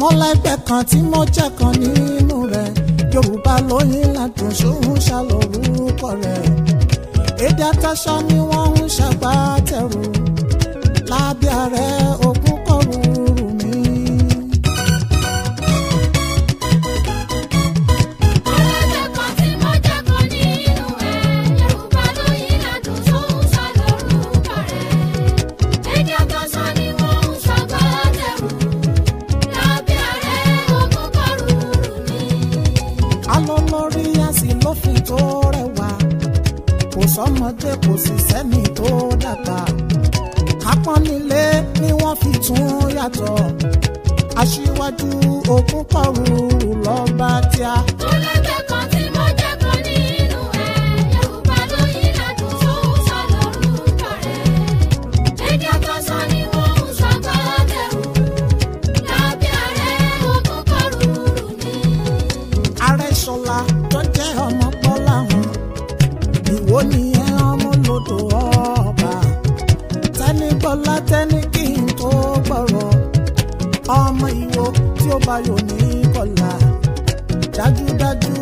mo lẹ́gbẹ́ kan tí mo jẹ́ kan nínú rẹ̀ yorùbá lóyún ládùn ṣòun ṣàlórúkọ rẹ̀ èdè àtàṣà ni wọ́n ń ṣàgbátẹrù sọ́mọdé kò sì sẹ́ni tó dàgbà apọ́nilé ni wọ́n fi tún yàtọ̀ aṣíwájú ògún kọrù lọ́ba tíá. ó lè wo nìyẹn ọmọ lodò ọba tẹnigbọlá tẹni kí n tó gbọ́rọ̀ ọmọ ìwo tí ó bá yọ ní kọlà dájúdájú